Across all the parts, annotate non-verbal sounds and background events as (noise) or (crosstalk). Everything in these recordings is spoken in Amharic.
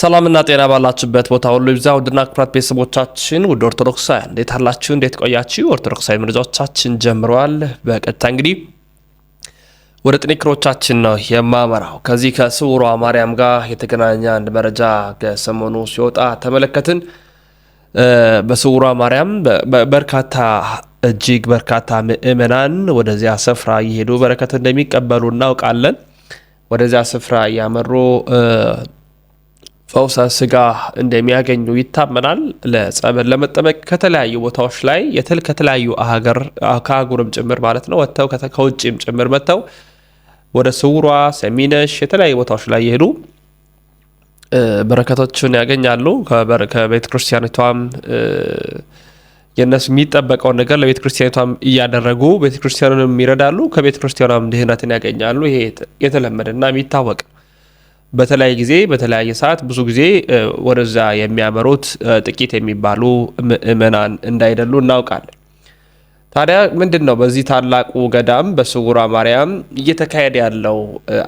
ሰላምና ጤና ባላችሁበት ቦታ ሁሉ ይብዛ። ውድና ክብራት ቤተሰቦቻችን ውድ ኦርቶዶክሳውያን እንዴት አላችሁ? እንዴት ቆያችሁ? ኦርቶዶክሳዊ መረጃዎቻችን ጀምረዋል። በቀጥታ እንግዲህ ወደ ጥንክሮቻችን ነው የማመራው። ከዚህ ከስውሯ ማርያም ጋር የተገናኘ አንድ መረጃ ከሰሞኑ ሲወጣ ተመለከትን። በስውሯ ማርያም በርካታ እጅግ በርካታ ምእመናን ወደዚያ ስፍራ እየሄዱ በረከት እንደሚቀበሉ እናውቃለን። ወደዚያ ስፍራ እያመሩ ፈውሰ ስጋ እንደሚያገኙ ይታመናል። ለጸበል ለመጠመቅ ከተለያዩ ቦታዎች ላይ ከተለያዩ ሀገር ከአህጉርም ጭምር ማለት ነው ወጥተው ከውጭም ጭምር መጥተው ወደ ስውሯ ሰሚነሽ የተለያዩ ቦታዎች ላይ የሄዱ በረከቶችን ያገኛሉ። ከቤተ ክርስቲያኒቷም የእነሱ የሚጠበቀውን ነገር ለቤተ ክርስቲያኒቷም እያደረጉ ቤተ ክርስቲያኑንም ይረዳሉ። ከቤተ ክርስቲያኗም ድህነትን ያገኛሉ። ይሄ የተለመደና የሚታወቅ ነው። በተለያየ ጊዜ በተለያየ ሰዓት ብዙ ጊዜ ወደዛ የሚያመሩት ጥቂት የሚባሉ ምእመናን እንዳይደሉ እናውቃለን። ታዲያ ምንድን ነው በዚህ ታላቁ ገዳም በስውሯ ማርያም እየተካሄደ ያለው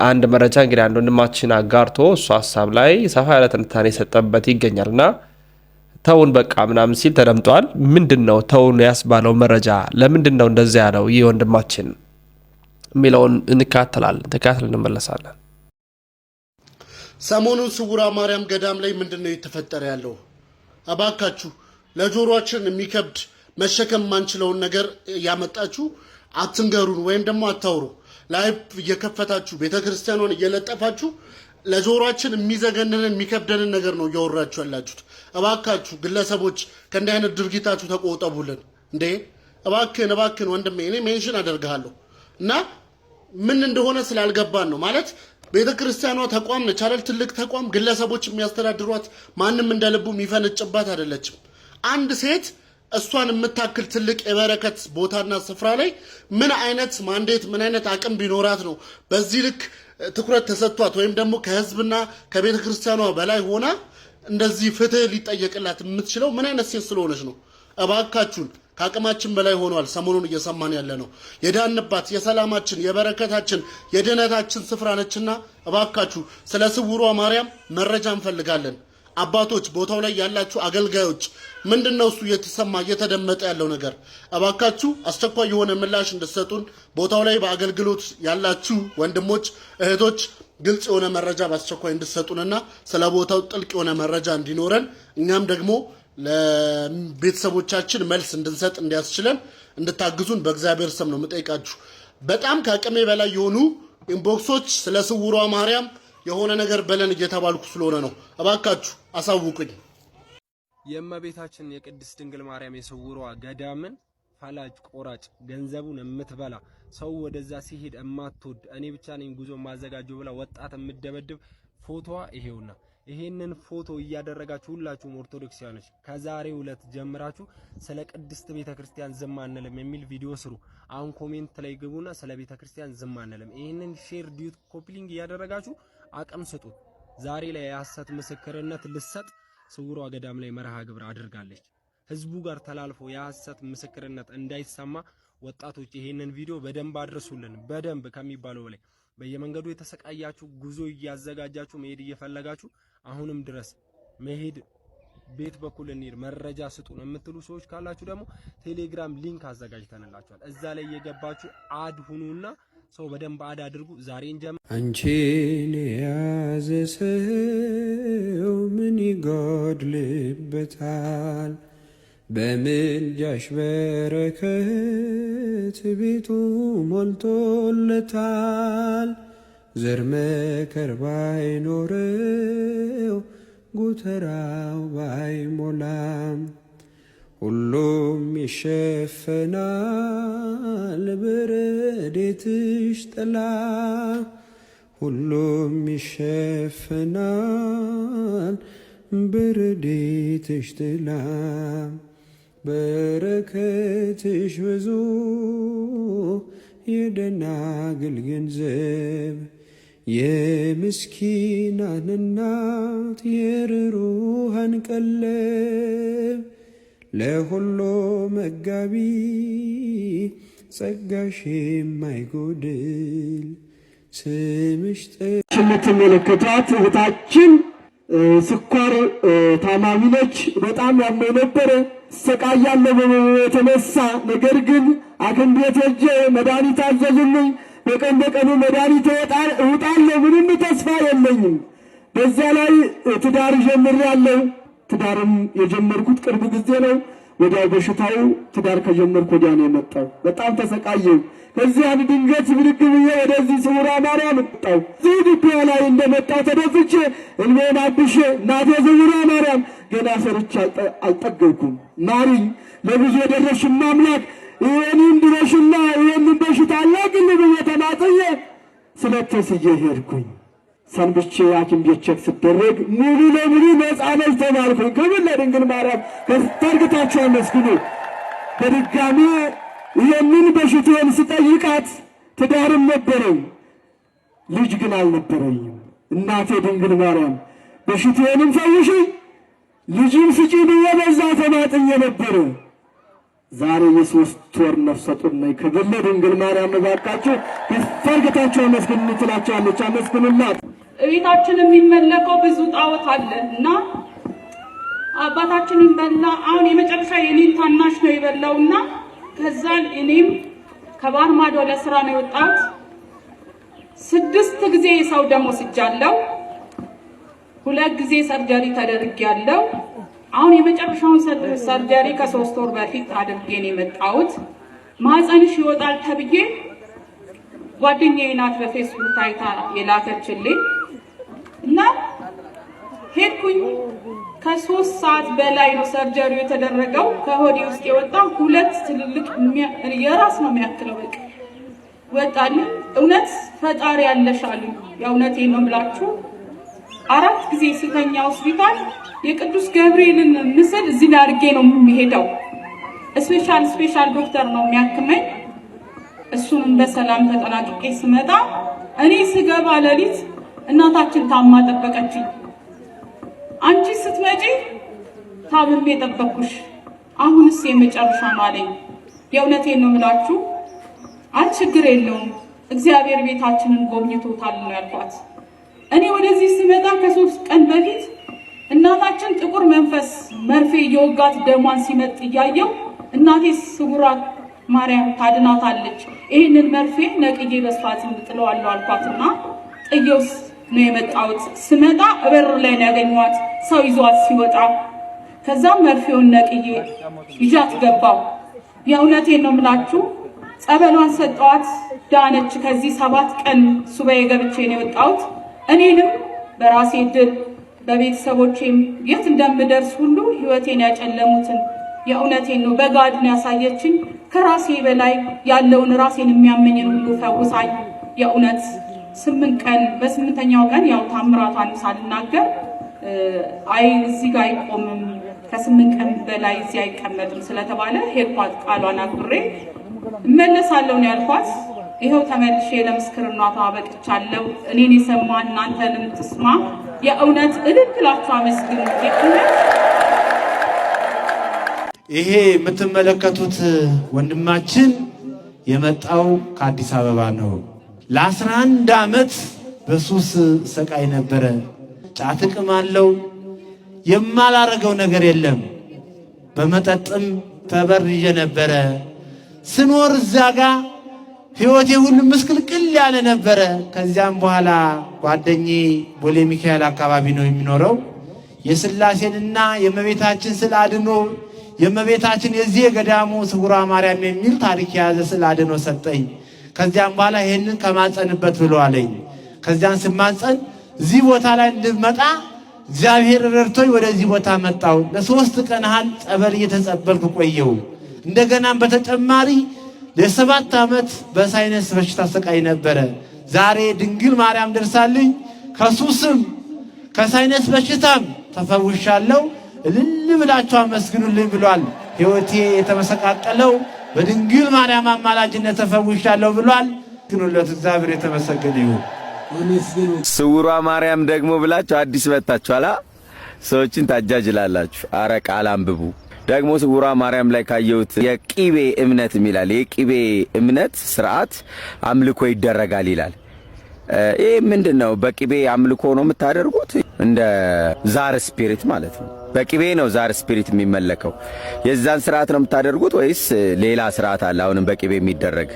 አንድ መረጃ እንግዲህ አንድ ወንድማችን አጋርቶ እሱ ሀሳብ ላይ ሰፋ ያለ ትንታኔ የሰጠበት ይገኛል እና ተውን በቃ ምናምን ሲል ተደምጧል። ምንድን ነው ተውን ያስባለው መረጃ? ለምንድን ነው እንደዚያ ያለው ይህ ወንድማችን የሚለውን እንካተላለን። ተካትል እንመለሳለን። ሰሞኑን ስውራ ማርያም ገዳም ላይ ምንድን ነው የተፈጠረ ያለው? እባካችሁ ለጆሮችን የሚከብድ መሸከም የማንችለውን ነገር እያመጣችሁ አትንገሩን፣ ወይም ደግሞ አታውሩ። ላይቭ እየከፈታችሁ ቤተ ክርስቲያኗን እየለጠፋችሁ ለጆሮችን የሚዘገንንን የሚከብደንን ነገር ነው እያወራችሁ ያላችሁት። እባካችሁ ግለሰቦች ከእንዲህ አይነት ድርጊታችሁ ተቆጠቡልን። እንዴ እባክን እባክን ወንድሜ እኔ ሜንሽን አደርግሃለሁ እና ምን እንደሆነ ስላልገባን ነው ማለት ቤተ ክርስቲያኗ ተቋም ነች አይደል? ትልቅ ተቋም፣ ግለሰቦች የሚያስተዳድሯት ማንም እንደልቡ የሚፈነጭባት አይደለችም። አንድ ሴት እሷን የምታክል ትልቅ የበረከት ቦታና ስፍራ ላይ ምን አይነት ማንዴት ምን አይነት አቅም ቢኖራት ነው በዚህ ልክ ትኩረት ተሰጥቷት ወይም ደግሞ ከህዝብና ከቤተ ክርስቲያኗ በላይ ሆና እንደዚህ ፍትህ ሊጠየቅላት የምትችለው ምን አይነት ሴት ስለሆነች ነው? እባካችሁን ከአቅማችን በላይ ሆኗል። ሰሞኑን እየሰማን ያለ ነው። የዳንባት የሰላማችን፣ የበረከታችን፣ የድህነታችን ስፍራ ነችና እባካችሁ ስለ ስውሯ ማርያም መረጃ እንፈልጋለን። አባቶች፣ ቦታው ላይ ያላችሁ አገልጋዮች፣ ምንድን ነው እሱ እየተሰማ እየተደመጠ ያለው ነገር? እባካችሁ አስቸኳይ የሆነ ምላሽ እንድትሰጡን ቦታው ላይ በአገልግሎት ያላችሁ ወንድሞች እህቶች ግልጽ የሆነ መረጃ በአስቸኳይ እንድትሰጡንና ስለ ቦታው ጥልቅ የሆነ መረጃ እንዲኖረን እኛም ደግሞ ለቤተሰቦቻችን መልስ እንድንሰጥ እንዲያስችለን እንድታግዙን በእግዚአብሔር ስም ነው የምጠይቃችሁ። በጣም ከአቅሜ በላይ የሆኑ ኢንቦክሶች ስለ ስውሯ ማርያም የሆነ ነገር በለን እየተባልኩ ስለሆነ ነው። እባካችሁ አሳውቁኝ። የእመቤታችን የቅድስት ድንግል ማርያም የስውሯ ገዳምን ፈላጭ ቆራጭ ገንዘቡን የምትበላ ሰው ወደዛ ሲሄድ እማትወድ እኔ ብቻ ነኝ ጉዞ ማዘጋጀው ብላ ወጣት የምደበድብ ፎቶዋ ይሄውና ይሄንን ፎቶ እያደረጋችሁ ሁላችሁም ኦርቶዶክሳውያኖች ከዛሬ ዕለት ጀምራችሁ ስለ ቅድስት ቤተክርስቲያን ዝም አንልም የሚል ቪዲዮ ስሩ። አሁን ኮሜንት ላይ ግቡና ስለ ቤተክርስቲያን ዝም አንልም፣ ይሄንን ሼር ዲዩት ኮፕሊንግ እያደረጋችሁ አቅም ስጡት። ዛሬ ላይ የሐሰት ምስክርነት ልሰጥ ስውሯ ገዳም ላይ መርሃ ግብር አድርጋለች። ህዝቡ ጋር ተላልፎ የሐሰት ምስክርነት እንዳይሰማ ወጣቶች ይሄንን ቪዲዮ በደንብ አድርሱልን። በደንብ ከሚባለው በላይ በየመንገዱ የተሰቃያችሁ ጉዞ እያዘጋጃችሁ መሄድ እየፈለጋችሁ አሁንም ድረስ መሄድ ቤት በኩል እንሂድ መረጃ ስጡን የምትሉ ሰዎች ካላችሁ ደግሞ ቴሌግራም ሊንክ አዘጋጅተንላችኋል። እዛ ላይ የገባችሁ አድ ሁኑና ሰው በደንብ አድ አድርጉ። ዛሬ እንጀምር። አንቺን የያዘ ሰው ምን ይጎድልበታል? በምልጃሽ በረከት ቤቱ ሞልቶለታል። ዘር መከር ባይኖረው ጎተራው ባይሞላም ሁሉም ይሸፈናል በረድኤትሽ ጥላ፣ ሁሉም ይሸፈናል በረድኤትሽ ጥላ። በረከትሽ ብዙ የደናግል ገንዘብ የምስኪናን እናት የርሩሃን ቀለብ ለሁሉ መጋቢ ጸጋሽ የማይጎድል ስምሽ የምትመለከቷት እህታችን ስኳር ታማሚ ነች። በጣም ያመኝ ነበረ እሰቃያለሁ የተነሳ ነገር ግን ሐኪም ቤት ሄጄ መድኃኒት አዘዙልኝ። በቀን በቀኑ መድኃኒት እውጣለሁ፣ ምንም ተስፋ የለኝም። በዚያ ላይ ትዳር ጀምሬያለሁ። ትዳርም የጀመርኩት ቅርብ ጊዜ ነው። ወዲያው በሽታው ትዳር ከጀመርኩ ወዲያ ነው የመጣው። በጣም ተሰቃየሁ። ከዚህ አንድ ድንገት ብድግ ብዬ ወደዚህ ስውራ ማርያም መጣው። እዚህ ድቢያ ላይ እንደመጣው ተደፍቼ እልሜን አብሼ እናቴ ስውራ ማርያም ገና ሰርቼ አልጠገብኩም። ማሪ ለብዙ የደረስሽ አምላክ እኔም ብለሽና ይህንን በሽታ አለ ብዬ ተማጽዬ ስለተስዬ ሄድኩኝ። ሰንብቼ ሐኪም ቤት ቼክ ስደረግ ሙሉ ለሙሉ ነፃ ተባልኩኝ። ክብር ለድንግል ማርያም። አመስግኑ። በድጋሚ ይህንን በሽታዬን ስጠይቃት ትዳርም ነበረኝ፣ ልጅ ግን አልነበረኝም። እናቴ ድንግል ማርያም በሽታዬንም ፈውሽኝ ልጅም ስጪ ብዬ በዛ ተማጥኜ ነበረ። ዛሬ የሶስት ወር ነፍሰ ጡር ነኝ ከገለ ድንግል ማርያም እባካችሁ ይፈርግታችሁ አመስግን ትላችኋለች። አመስግኑላት። እቤታችን የሚመለከው ብዙ ጣዖት አለ እና አባታችንን በላ። አሁን የመጨረሻ የኔን ታናሽ ነው የበላው እና ከዛን እኔም ከባህር ማዶ ለስራ ነው የወጣሁት። ስድስት ጊዜ የሰው ደሞዝ ወስጃለሁ። ሁለት ጊዜ ሰርጀሪ ተደርጌያለሁ። አሁን የመጨረሻውን ሰርጀሪ ከሶስት ወር በፊት አድርጌን የመጣሁት ማህፀንሽ ይወጣል ተብዬ ጓደኛዬ ናት በፌስቡክ ታይታ የላከችልኝ እና ሄድኩኝ። ከሶስት ሰዓት በላይ ነው ሰርጀሪው የተደረገው። ከሆዴ ውስጥ የወጣ ሁለት ትልልቅ የራስ ነው የሚያክለው በቃ ወጣል። እውነት ፈጣሪ ያለሻሉ። የእውነቴን ነው የምላችሁ አራት ጊዜ ስተኛ ሆስፒታል የቅዱስ ገብርኤልን ምስል እዚህ ላይ አድርጌ ነው የሚሄደው። ስፔሻል ስፔሻል ዶክተር ነው የሚያክመኝ። እሱንም በሰላም ተጠናቅቄ ስመጣ እኔ ስገባ ሌሊት እናታችን ታማ ጠበቀችኝ። አንቺ ስትመጪ ታብሜ ጠበቅኩሽ፣ አሁንስ የመጨረሻ ማለኝ። የእውነቴን ነው የምላችሁ። አይ ችግር የለውም እግዚአብሔር ቤታችንን ጎብኝቶታል ነው ያልኳት። እኔ ወደዚህ ስመጣ ከሶስት ቀን በፊት እናታችን ጥቁር መንፈስ መርፌ የወጋት ደሟን ሲመጥ እያየው እናቴ ስውሯ ማርያም ታድናታለች፣ ይህንን መርፌ ነቅዬ በስፋት እንጥለዋለሁ አልኳትና ጥየውስ ነው የመጣሁት። ስመጣ በር ላይ ነው ያገኘኋት ሰው ይዟት ሲወጣ። ከዛም መርፌውን ነቅዬ ይዣት ገባሁ። የእውነቴ ነው የምላችሁ። ጸበሏን ሰጠዋት፣ ዳነች። ከዚህ ሰባት ቀን ሱባኤ ገብቼ ነው የወጣሁት። እኔንም በራሴ ድል ለቤተሰቦቼም የት እንደምደርስ ሁሉ ህይወቴን ያጨለሙትን የእውነቴን ነው በጋድን ያሳየችኝ ከራሴ በላይ ያለውን ራሴን የሚያመኝን ሁሉ ፈውሳኝ። የእውነት ስምንት ቀን በስምንተኛው ቀን ያው ታምራቷን ሳልናገር አይ እዚህ ጋር አይቆምም ከስምንት ቀን በላይ እዚህ አይቀመጥም ስለተባለ ሄድኳት። ቃሏን አክብሬ እመለሳለሁ ነው ያልኳት። ይኸው ተመልሼ ለምስክርናቷ በቅቻለሁ። እኔን የሰማ እናንተንም ትስማ የእውነት እልል ብላችሁ አመስግኑ። ይሄ የምትመለከቱት ወንድማችን የመጣው ከአዲስ አበባ ነው። ለአስራ አንድ ዓመት በሱስ ሰቃይ ነበረ። ጫት አለው የማላረገው ነገር የለም። በመጠጥም ተበርዤ ነበረ ስኖር እዚያ ጋር ህይወቴ ምስክል ምስቅልቅል ያለ ነበረ። ከዚያም በኋላ ጓደኜ ቦሌ ሚካኤል አካባቢ ነው የሚኖረው። የስላሴንና የእመቤታችን ስዕል አድኖ የእመቤታችን የዚህ የገዳሙ ስጉራ ማርያም የሚል ታሪክ የያዘ ስዕል አድኖ ሰጠኝ። ከዚያም በኋላ ይህንን ከማጸንበት ብሎ አለኝ። ከዚያን ስማጸን እዚህ ቦታ ላይ እንድመጣ እግዚአብሔር ረድቶኝ ወደዚህ ቦታ መጣው። ለሶስት ቀን ያህል ጸበል እየተጸበልኩ ቆየው። እንደገናም በተጨማሪ የሰባት ዓመት በሳይነስ በሽታ ሰቃይ ነበረ። ዛሬ ድንግል ማርያም ደርሳልኝ ከሱስም ከሳይነስ በሽታም ተፈውሻለሁ፣ እልል ብላችሁ አመስግኑልኝ ብሏል። ሕይወቴ የተመሰቃቀለው በድንግል ማርያም አማላጅነት ተፈውሻለሁ ብሏል። ግኑለት እግዚአብሔር የተመሰገነ ይሁን። ስውሯ ማርያም ደግሞ ብላችሁ አዲስ መጣችሁ አላ ሰዎችን ታጃጅላላችሁ። አረ ቃል አንብቡ። ደግሞ ስውሯ ማርያም ላይ ካየሁት የቂቤ እምነት ይላል። የቂቤ እምነት ስርዓት አምልኮ ይደረጋል ይላል። ይህ ምንድን ነው? በቂቤ አምልኮ ነው የምታደርጉት? እንደ ዛር ስፒሪት ማለት ነው። በቂቤ ነው ዛር ስፒሪት የሚመለከው። የዛን ስርዓት ነው የምታደርጉት ወይስ ሌላ ስርዓት አለ? አሁንም በቂቤ የሚደረግ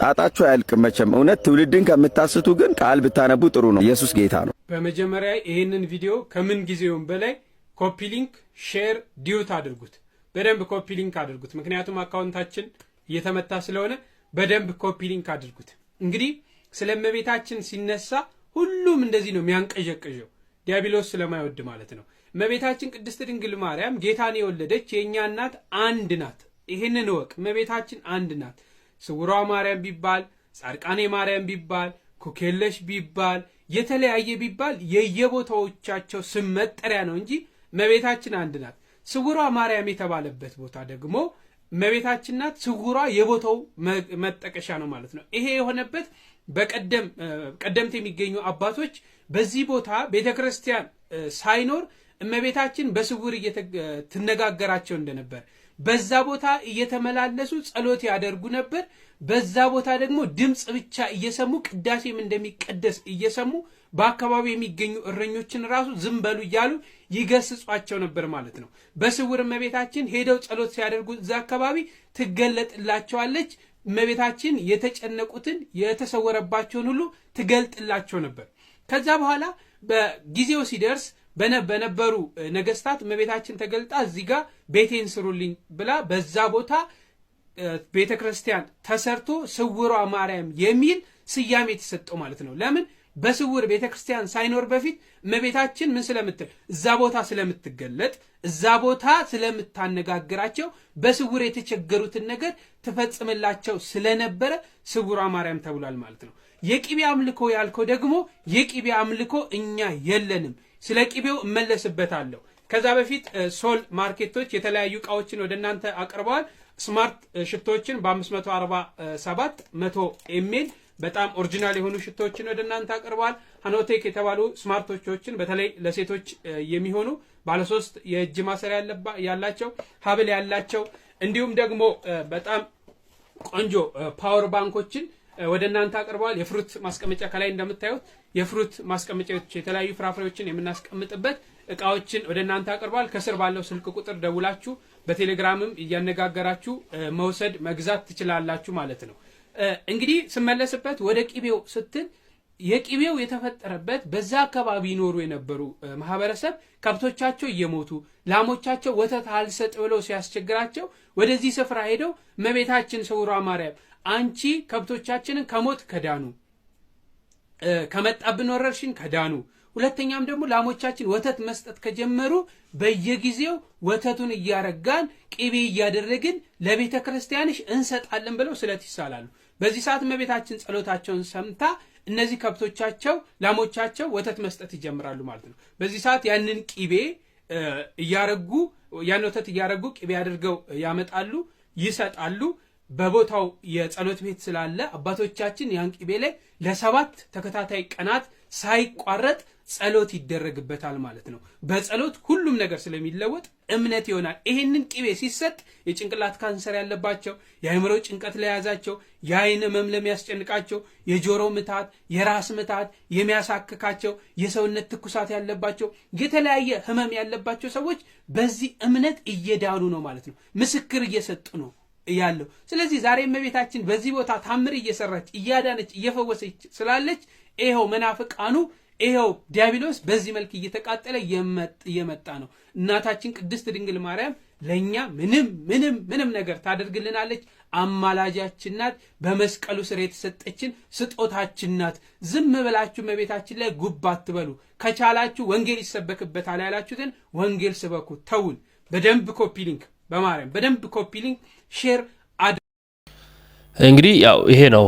ጣጣችሁ አያልቅም መቼም። እውነት ትውልድን ከምታስቱ ግን ቃል ብታነቡ ጥሩ ነው። ኢየሱስ ጌታ ነው። በመጀመሪያ ይህንን ቪዲዮ ከምን ጊዜውም በላይ ኮፒ ሊንክ፣ ሼር፣ ዲዩት አድርጉት። በደንብ ኮፒ ሊንክ አድርጉት። ምክንያቱም አካውንታችን እየተመታ ስለሆነ በደንብ ኮፒ ሊንክ አድርጉት። እንግዲህ ስለ እመቤታችን ሲነሳ ሁሉም እንደዚህ ነው የሚያንቀዠቅዠው፣ ዲያብሎስ ስለማይወድ ማለት ነው። እመቤታችን ቅድስት ድንግል ማርያም ጌታን የወለደች የእኛ እናት አንድ ናት። ይህንን እወቅ። እመቤታችን አንድ ናት። ስውሯ ማርያም ቢባል፣ ጻድቃኔ ማርያም ቢባል፣ ኩኬለሽ ቢባል፣ የተለያየ ቢባል የየቦታዎቻቸው ስም መጠሪያ ነው እንጂ እመቤታችን አንድ ናት። ስውሯ ማርያም የተባለበት ቦታ ደግሞ እመቤታችን ናት። ስውሯ የቦታው መጠቀሻ ነው ማለት ነው። ይሄ የሆነበት በቀደም ቀደምት የሚገኙ አባቶች በዚህ ቦታ ቤተ ክርስቲያን ሳይኖር እመቤታችን በስውር ትነጋገራቸው እንደነበር በዛ ቦታ እየተመላለሱ ጸሎት ያደርጉ ነበር። በዛ ቦታ ደግሞ ድምፅ ብቻ እየሰሙ ቅዳሴም እንደሚቀደስ እየሰሙ በአካባቢው የሚገኙ እረኞችን ራሱ ዝም በሉ እያሉ ይገስጿቸው ነበር ማለት ነው። በስውር እመቤታችን ሄደው ጸሎት ሲያደርጉ እዛ አካባቢ ትገለጥላቸዋለች። እመቤታችን የተጨነቁትን የተሰወረባቸውን ሁሉ ትገልጥላቸው ነበር። ከዛ በኋላ በጊዜው ሲደርስ በነበሩ ነገስታት እመቤታችን ተገልጣ እዚህ ጋር ቤቴን ስሩልኝ ብላ በዛ ቦታ ቤተ ክርስቲያን ተሰርቶ ስውሯ ማርያም የሚል ስያሜ የተሰጠው ማለት ነው። ለምን በስውር ቤተ ክርስቲያን ሳይኖር በፊት እመቤታችን ምን ስለምትል እዛ ቦታ ስለምትገለጥ እዛ ቦታ ስለምታነጋግራቸው በስውር የተቸገሩትን ነገር ትፈጽምላቸው ስለነበረ ስውሯ ማርያም ተብሏል ማለት ነው። የቅቤ አምልኮ ያልከው ደግሞ የቅቤ አምልኮ እኛ የለንም። ስለ ቅቤው እመለስበታለሁ። ከዛ በፊት ሶል ማርኬቶች የተለያዩ እቃዎችን ወደ እናንተ አቅርበዋል። ስማርት ሽቶችን በ547 መቶ ኤሜል በጣም ኦሪጂናል የሆኑ ሽቶዎችን ወደ እናንተ አቅርበዋል። ሀኖቴክ የተባሉ ስማርቶቾችን በተለይ ለሴቶች የሚሆኑ ባለሶስት የእጅ ማሰሪያ ያላቸው ሀብል ያላቸው እንዲሁም ደግሞ በጣም ቆንጆ ፓወር ባንኮችን ወደ እናንተ አቅርበዋል። የፍሩት ማስቀመጫ ከላይ እንደምታዩት የፍሩት ማስቀመጫዎች የተለያዩ ፍራፍሬዎችን የምናስቀምጥበት እቃዎችን ወደ እናንተ አቅርበዋል። ከስር ባለው ስልክ ቁጥር ደውላችሁ በቴሌግራምም እያነጋገራችሁ መውሰድ መግዛት ትችላላችሁ ማለት ነው። እንግዲህ ስመለስበት ወደ ቂቤው ስትል የቂቤው የተፈጠረበት በዛ አካባቢ ይኖሩ የነበሩ ማህበረሰብ ከብቶቻቸው እየሞቱ ላሞቻቸው ወተት አልሰጥ ብለው ሲያስቸግራቸው ወደዚህ ስፍራ ሄደው እመቤታችን ስውሯ ማርያም አንቺ ከብቶቻችንን ከሞት ከዳኑ ከመጣብን ወረርሽን ከዳኑ ሁለተኛም ደግሞ ላሞቻችን ወተት መስጠት ከጀመሩ በየጊዜው ወተቱን እያረጋን ቂቤ እያደረግን ለቤተ ክርስቲያንሽ እንሰጣለን ብለው ስለት ይሳላሉ። በዚህ ሰዓት መቤታችን ጸሎታቸውን ሰምታ እነዚህ ከብቶቻቸው ላሞቻቸው ወተት መስጠት ይጀምራሉ ማለት ነው። በዚህ ሰዓት ያንን ቂቤ እያረጉ ያን ወተት እያረጉ ቂቤ አድርገው ያመጣሉ፣ ይሰጣሉ። በቦታው የጸሎት ቤት ስላለ አባቶቻችን ያን ቂቤ ላይ ለሰባት ተከታታይ ቀናት ሳይቋረጥ ጸሎት ይደረግበታል ማለት ነው። በጸሎት ሁሉም ነገር ስለሚለወጥ እምነት ይሆናል። ይሄንን ቅቤ ሲሰጥ የጭንቅላት ካንሰር ያለባቸው፣ የአእምሮ ጭንቀት ለያዛቸው፣ የአይን ህመም ለሚያስጨንቃቸው፣ የጆሮ ምታት፣ የራስ ምታት የሚያሳክካቸው፣ የሰውነት ትኩሳት ያለባቸው፣ የተለያየ ህመም ያለባቸው ሰዎች በዚህ እምነት እየዳኑ ነው ማለት ነው። ምስክር እየሰጡ ነው ያለው። ስለዚህ ዛሬ እመቤታችን በዚህ ቦታ ታምር እየሰራች እያዳነች እየፈወሰች ስላለች ይኸው መናፍቃኑ ይኸው ዲያብሎስ በዚህ መልክ እየተቃጠለ እየመጣ ነው። እናታችን ቅድስት ድንግል ማርያም ለእኛ ምንም ምንም ምንም ነገር ታደርግልናለች። አማላጃችን ናት። በመስቀሉ ስር የተሰጠችን ስጦታችን ናት። ዝም ብላችሁ መቤታችን ላይ ጉብ አትበሉ። ከቻላችሁ ወንጌል ይሰበክበታል ያላችሁትን ወንጌል ስበኩ። ተውን። በደንብ ኮፒ ሊንክ በማርያም በደንብ ኮፒ ሊንክ ሼር እንግዲህ ያው ይሄ ነው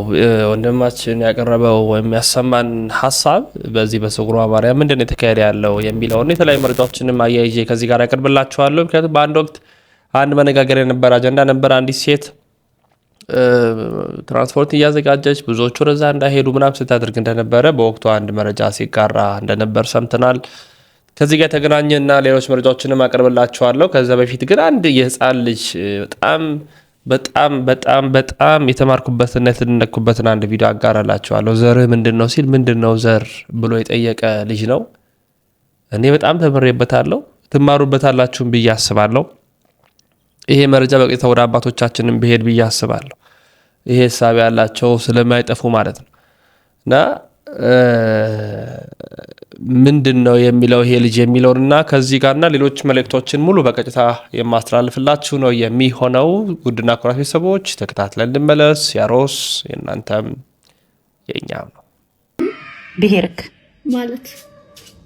ወንድማችን ያቀረበው ወይም ያሰማን ሀሳብ በዚህ በስጉሯ ማርያም ምንድን ነው የተካሄደ ያለው የሚለውን የተለያዩ መረጃዎችንም አያይዤ ከዚህ ጋር ያቀርብላችኋለሁ። ምክንያቱም በአንድ ወቅት አንድ መነጋገር የነበረ አጀንዳ ነበር። አንዲት ሴት ትራንስፖርት እያዘጋጀች ብዙዎቹ ወደዛ እንዳይሄዱ ምናም ስታደርግ እንደነበረ በወቅቱ አንድ መረጃ ሲጋራ እንደነበር ሰምተናል። ከዚህ ጋር የተገናኘና ሌሎች መረጃዎችንም አቀርብላችኋለሁ። ከዛ በፊት ግን አንድ የህፃን ልጅ በጣም በጣም በጣም በጣም የተማርኩበትና የተደነቅኩበትን አንድ ቪዲዮ አጋራላችኋለሁ። ዘርህ ምንድን ነው ሲል ምንድን ነው ዘር ብሎ የጠየቀ ልጅ ነው። እኔ በጣም ተምሬበታለሁ፣ ትማሩበታላችሁም ብዬ አስባለሁ። ይሄ መረጃ በቀጥታ ወደ አባቶቻችንም ብሄድ ብዬ አስባለሁ። ይሄ ሳቢ ያላቸው ስለማይጠፉ ማለት ነው እና ምንድን ነው የሚለው ይሄ ልጅ የሚለውን እና ከዚህ ጋርና ሌሎች መልእክቶችን ሙሉ በቀጥታ የማስተላልፍላችሁ ነው የሚሆነው። ውድና ኩራት ቤተሰቦች ተከታትለን እንመለስ። ያሮስ የእናንተም የእኛም ነው። ብሄርክ ማለት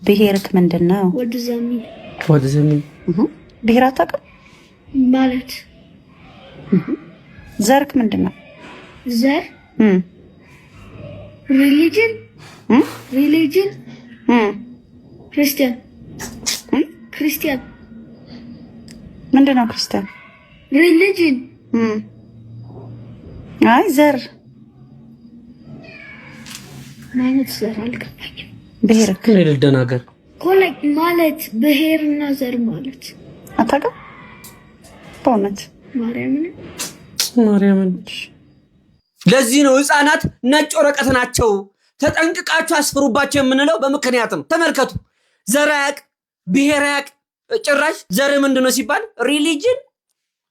ብሄርክ ምንድን ነው? ወደ ዘሚን ዘሚን ብሄር አታውቅም ማለት ዘርክ ምንድን ነው? ዘር ሪሊጅን ሪሊጅን hmm? hmm. hmm? ክርስቲያን ክርስቲያን ምንድን ነው ክርስቲያን? ሪሊጅን አይ ዘር ማለት ዘር አልገባኝም። ብሔር ልደናገር ማለት ብሔርና ዘር ማለት አታውቅም? በእውነት ማርያምን ማርያምን። ለዚህ ነው ህፃናት ነጭ ወረቀት ናቸው። ተጠንቅቃችሁ አስፍሩባቸው የምንለው በምክንያት ነው። ተመልከቱ፣ ዘር አያቅ፣ ብሔር አያቅ። ጭራሽ ዘር ምንድን ነው ሲባል ሪሊጅን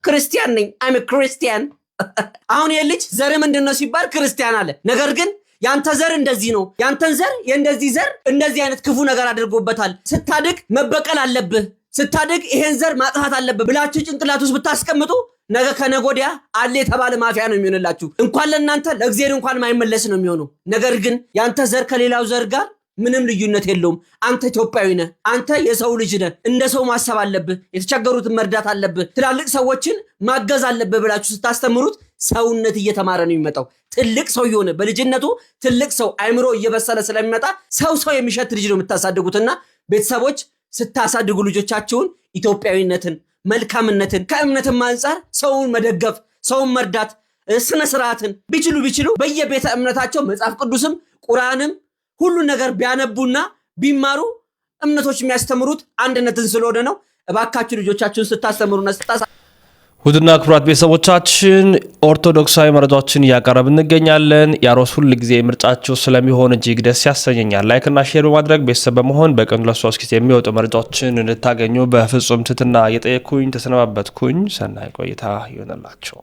ክርስቲያን ነኝ አይም ክርስቲያን። (laughs) አሁን ይህ ልጅ ዘር ምንድን ነው ሲባል ክርስቲያን አለ። ነገር ግን ያንተ ዘር እንደዚህ ነው፣ ያንተን ዘር የእንደዚህ ዘር እንደዚህ አይነት ክፉ ነገር አድርጎበታል። ስታድግ መበቀል አለብህ፣ ስታድግ ይሄን ዘር ማጥፋት አለብህ ብላችሁ ጭንቅላት ውስጥ ብታስቀምጡ ነገ ከነጎዲያ አለ የተባለ ማፊያ ነው የሚሆንላችሁ። እንኳን ለእናንተ ለእግዚአብሔር እንኳን ማይመለስ ነው የሚሆነው። ነገር ግን ያንተ ዘር ከሌላው ዘር ጋር ምንም ልዩነት የለውም። አንተ ኢትዮጵያዊ ነህ። አንተ የሰው ልጅ ነህ። እንደ ሰው ማሰብ አለብህ። የተቸገሩትን መርዳት አለብህ። ትላልቅ ሰዎችን ማገዝ አለብህ ብላችሁ ስታስተምሩት ሰውነት እየተማረ ነው የሚመጣው። ትልቅ ሰው የሆነ በልጅነቱ ትልቅ ሰው አይምሮ እየበሰለ ስለሚመጣ ሰው ሰው የሚሸት ልጅ ነው የምታሳድጉትና ቤተሰቦች ስታሳድጉ ልጆቻችሁን ኢትዮጵያዊነትን መልካምነትን ከእምነትም አንጻር ሰውን መደገፍ፣ ሰውን መርዳት፣ ስነ ስርዓትን ቢችሉ ቢችሉ በየቤተ እምነታቸው መጽሐፍ ቅዱስም ቁርአንም ሁሉን ነገር ቢያነቡና ቢማሩ እምነቶች የሚያስተምሩት አንድነትን ስለሆነ ነው። እባካችሁ ልጆቻችሁን ስታስተምሩና ውድና ክቡራት ቤተሰቦቻችን ኦርቶዶክሳዊ መረጃዎችን እያቀረብ እንገኛለን። ያሮስ ሁል ጊዜ ምርጫቸው ስለሚሆን እጅግ ደስ ያሰኘኛል። ላይክና ሼር በማድረግ ቤተሰብ በመሆን በቀን ሁለት ሶስት ጊዜ የሚወጡ መረጃዎችን እንድታገኙ በፍጹም ትትና የጠየኩኝ ተሰነባበትኩኝ። ሰናይ ቆይታ ይሆንላቸው።